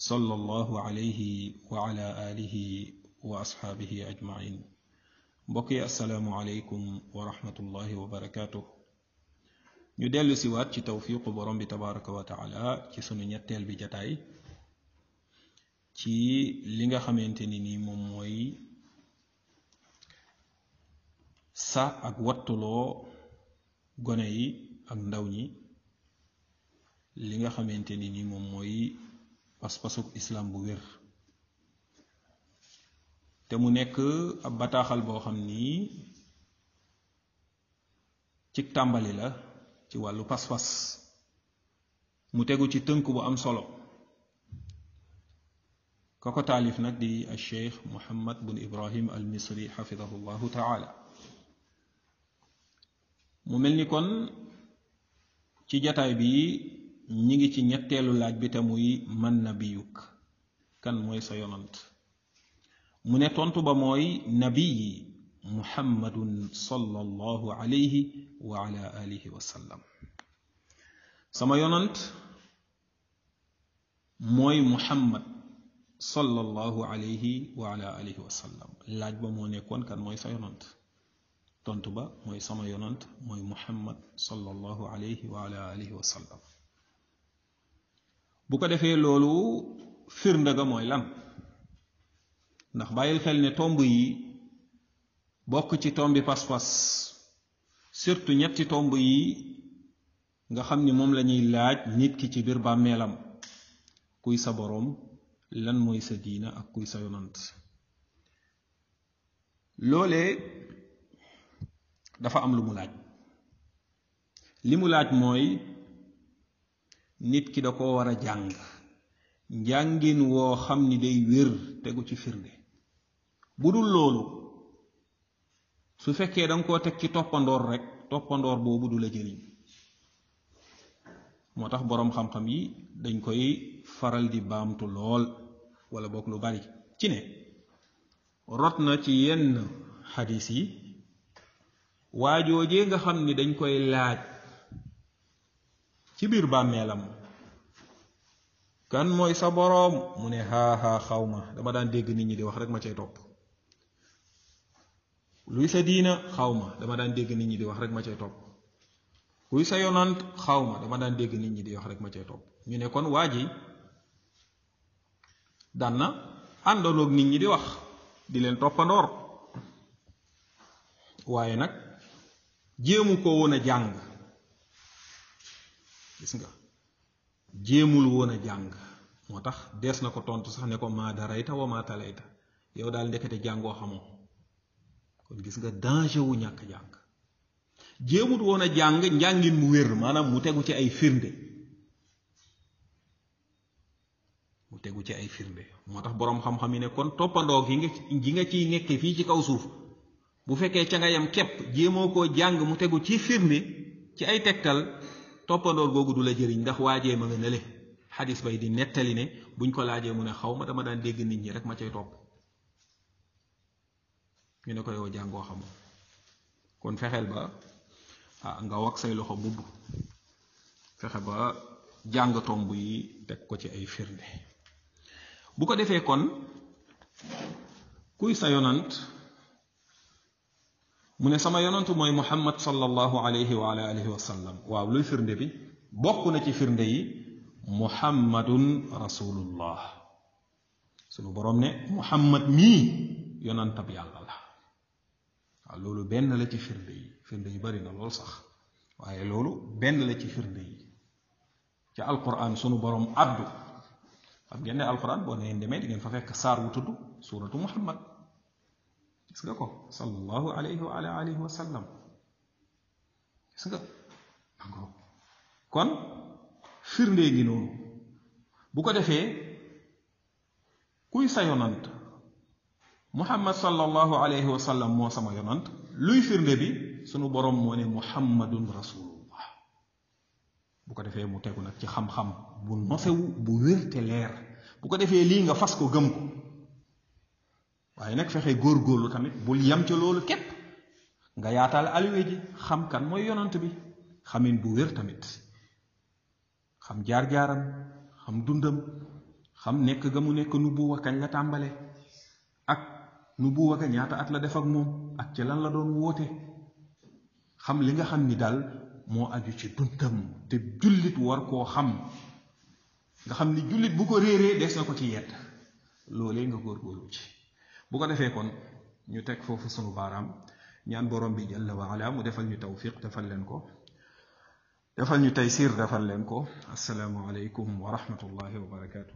sallallahu alayhi wa ala wa asxaabihi ajmain mbokk yi asalaamualeykum wa wa barakaatu. ñu dellu si ci tawfiqu borom bi tabaraka wa taala ci sunu ñetteel bi jataay ci li nga xamante ni nii moom mooy sa ak wattuloo gone yi ak ndaw ñi li nga xamante ni nii moom mooy pas-pasub islam bu wér te mu nekk ab bataaxal boo xam ni ci tàmbali la ci wàllu pas-pas mu tegu ci tënk bu am solo kako taalif nag di al cheikh muhammad bun ibrahim al misri xafidahu llahu taala mu mel ni kon ci jataay bi ñi ngi ci ñetteelu laaj bi te muy man nabiyuk kan mooy sa yonant mu ne tontu ba mooy nabiyi muhammadun sallallahu alayhi wa ala sama yonant mooy muhammad sallallahu alayhi wa ala wa sallam laaj ba nekkoon kan mooy sa yonant ba mooy sama yonant mooy muhammad sallallahu alayhi wa ala wa sallam bu ko defee loolu firnde ga mooy lan ndax bàyyil xel ne tomb yi bokk ci tombi pas-pas surtout ñetti tomb yi nga xam ni moom lañuy laaj nit ki ci biir bàmmeelam kuy sa boroom lan mooy sa diina ak kuy sa yonant loolee dafa am lu mu laaj li mu laaj mooy nit ki da ko war a jàng njàngin woo xam ni day wér tegu ci firnde bu dul loolu su fekkee danga koo teg ci toppandoor rekk toppandoor boobu du la jëriñ moo tax boroom xam-xam yi dañ koy faral di baamtu lool walla bokk lu bari ci ne rot na ci yenn xadis yi waajoojee nga xam ni dañ koy laaj ci biir bàmmeelam kan mooy sa boroom mu ne xaaxaa xaw ma dama daan dégg nit ñi di wax rek ma cay topp luy sa diina xaw ma dama daan dégg nit ñi di wax rek ma cay topp kuy sa yonant xaw ma dama daan dégg nit ñi di wax rek ma cay topp ñu ne kon waa ji daan na àndaloog nit ñi di wax di leen toppandoor waaye nag jéemu ko woon a jàng gis nga jéemul woon a jàng moo tax des na ko tontu sax ne ko maa darayta wa maa talayta yow daal ndekete jàngoo xamoo kon gis nga danger wu ñàkk jàng jéemut woon a jàng njàngin mu wér maanaam mu tegu ci ay firnde mu tegu ci ay firnde moo tax boroom xam-xam yi ne kon toppandoo gi nga gi nga ciy nekke fii ci kaw suuf bu fekkee ca nga yam képp jéemoo koo jàng mu tegu ci firnde ci ay tegtal toppandoor googu du la jëriñ ndax waajee ma nga nële xadis bay di nettali ne buñ ko laajee mu ne xaw ma dama daan dégg nit ñi rek ma cay topp ñu ne ko yow jàngoo xamoo kon fexeel ba ah, nga wag say loxo mbubb fexe ba jàng tomb yi teg ko ci ay firnde bu ko defee kon kuy sa yonant mu ne sama yonantu mooy muhammad sallallahu alayhi wa waaw luy firnde bi bokk na ci firnde yi muhammadun rasulullah sunu boroom ne muhammad mii yonantab yàlla la waaw loolu benn la ci firnde yi firnde yi bari na lool sax waaye loolu benn la ci firnde yi ci alquran suñu boroom addu xam ngeen ne alquran boo neen demee di fa fekk saar wu tudd suuratu muhammad gis nga ko sallallahu alayhi wa ala alihi gis nga kon firndee gi noonu bu ko defee kuy sa yonant muhammad sallallahu alayhi wa sallam moo sama yonant luy firnde bi sunu boroom moo ne muhammadun rasulullah bu ko defee mu tegu nag ci xam-xam bu nosewu bu wér te leer bu ko defee lii nga fas ko gëm ko waaye nag fexe góor góorlu tamit bul yam ca loolu képp nga yaataal aliwe ji xam kan mooy yonant bi xamin bu wér tamit xam jaar-jaaram xam dundam xam nekk ga mu nekk nu buuwa kañ la tàmbale ak nu buuwa ga ñaata at la def ak moom ak ci lan la doon woote xam li nga xam ni daal moo aju ci dundam te jullit war koo xam nga xam ni jullit bu ko réeree des na ko ci yedd loolee nga góorgóorlu ci bu ko defee kon ñu teg foofu sunu baaraam ñaan borom bi jalla wa ala mu defal ñu tawfiq defal leen ko defal ñu taysiir defal leen ko asalaamualeykum wa rahmatullahi wa barakaatu.